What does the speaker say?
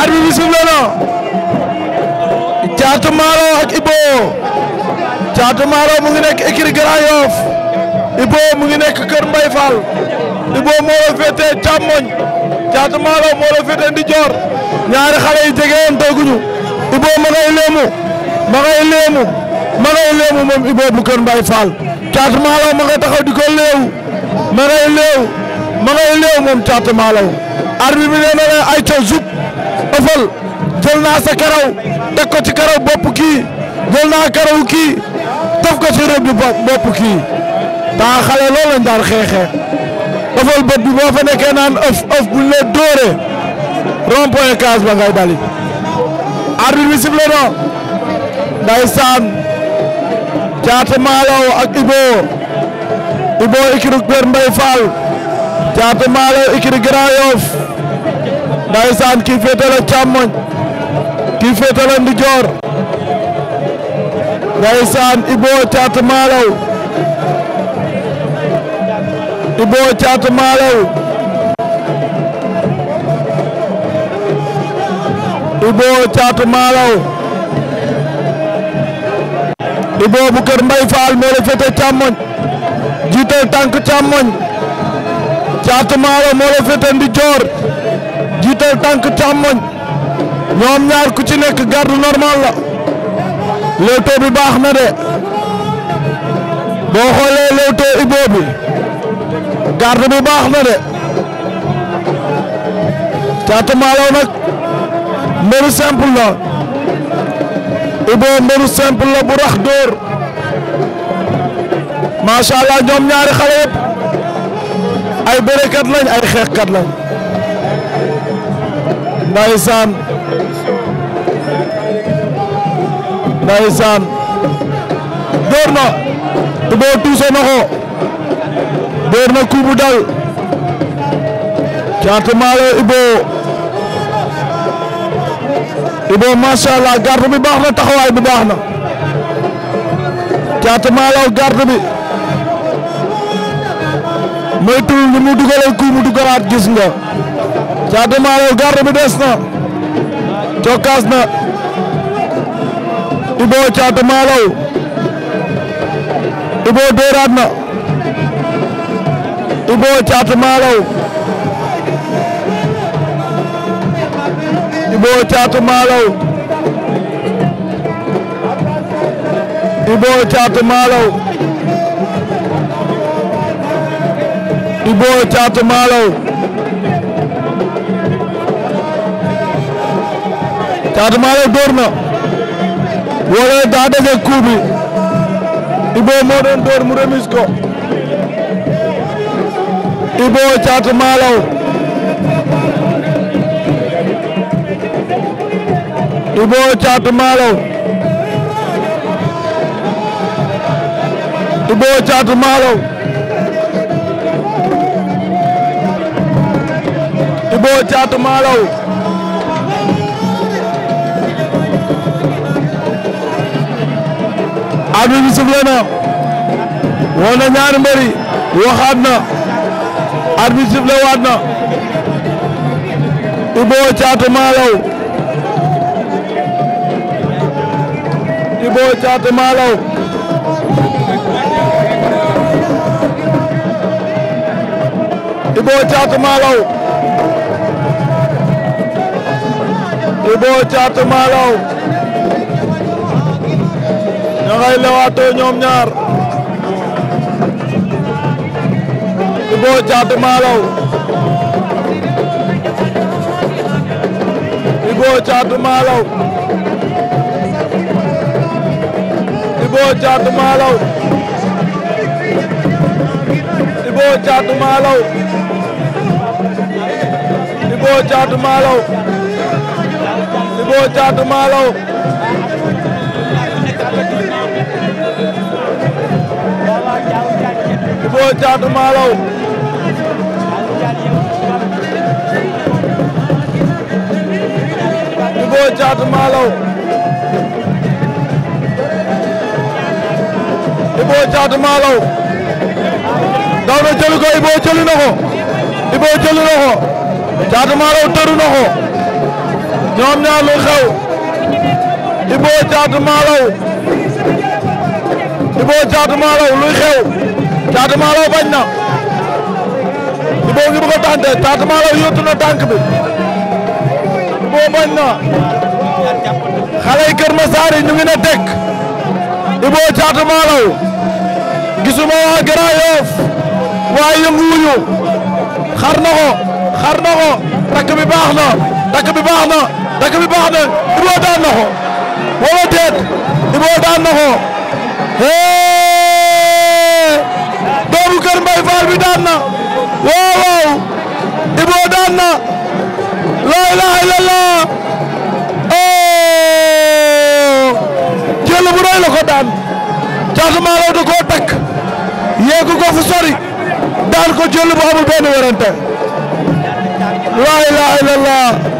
arbitre bi sifflé na ak Ibo Thiatou Malo mu ngi nekk écurie Grand Yoff Ibo mu ngi nekk kër Mbaye Fall Ibo moo la féetee càmmoñ Thiatou Malo moo la ñaari xale yi jege woon tooguñu Ibo ma ngay léemu ma ngay léemu kër Mbaye Fall Thiatou Malo ma nga taxaw di ko léew ma ngay léew ma arbitre bi leen ay coow jub ëffal jël naa sa karaw teg ko ci karaw bopp kii jël naa karaw kii taf ko ci rëbb bopp kii taa xale loolu lañ daan xeexee ëffal boo fa nekkee naan ëf ëf buñ la dóoree rond point case ba ngay dali arbitre bi sifflé na ndeysaan Caatu Malaw ak Ibo Ibo ikiruk Père Mbaye ikiri Grand ndaysaan kii féete la càmmoñ kii féete la ndijoor ndaysaan Ibou Thiatou Malaw Ibou Thiatou Malaw Ibou Thiatou Malaw Ibou bu kër Mbay Faal moo la féete càmmoñ jiital tànk càmmoñ Thiatou ndijoor jiital tànk càmmoñ ñoom ñaar ku ci nekk garde normal la léwto bi baax na de boo xoolee léwto ibo bi garde bi baax na de Caatu Malaw nag mbëru simple la ibo mbëru simple la bu rax macha allah ñoom ñaari xale ay bërekat lañ ay xeexkat lañ. Ndeysaan Ndeysaan door na Tuboo tuuse na ko door na kubu dal Caatu Maalo Ibo Ibo macha garde bi baax na taxawaay bi baax na Caatu Maalo garde bi moytul ni mu dugalal kubu dugalaat gis nga Caatu Malew garde bi des na cokkaas na Caatu Malew Ibo dóoraat Caatu Malew Ibo Caatu Caatu Malew Caatu Malaw door na wala daa dese coup bi Ibo moo doon door mu remis ko Ibo Caatu Caatu Malaw Ibo Caatu Caatu Malaw arbitre bi sifflé na woo na ñaari mbëri waxaat na arbitre sifflé waat na Ibo Thiatou Malaw Ibo Thiatou Malaw Ibo Thiatou Malaw Ibo Thiatou Malaw ña ngay lewaatoo ñoom ñaar Ibo Caatu Malaw Ibo Caatu Malaw Ibo Caatu Malaw Ibo Caatu Malaw Ibo Caatu Malaw Ibo Caatu Malaw Ibou Thiatou Malaw Ibou Thiatou Malaw Ibou Thiatou Malaw daw na jëlu ko Ibou jëlu na ko Ibou jëlu na ko Thiatou Malaw tëru na ko ñoom Ibo Thiatou Malaw Ibo Thiatou luy xew Thiatou Malaw bañ na Ibo ngi bëgg a tànte Thiatou Malaw yóotu tànk bi Ibo bañ na xale ñu ngi ne teg Ibo Thiatou gisuma waa Grand Yoff waa yënguwuñu xar na ko xar na ko takk bi wala déet Ibou daan na ko hee doomu kër Mbaye Fall bi daan na waaw waaw Ibou daan na laa ilaaha illallaah jël bu rëy la ko daan Caatu Malaw da koo takk yeegu ko fu sori daan ko jël bu amul benn werante laa ilaaha illallaah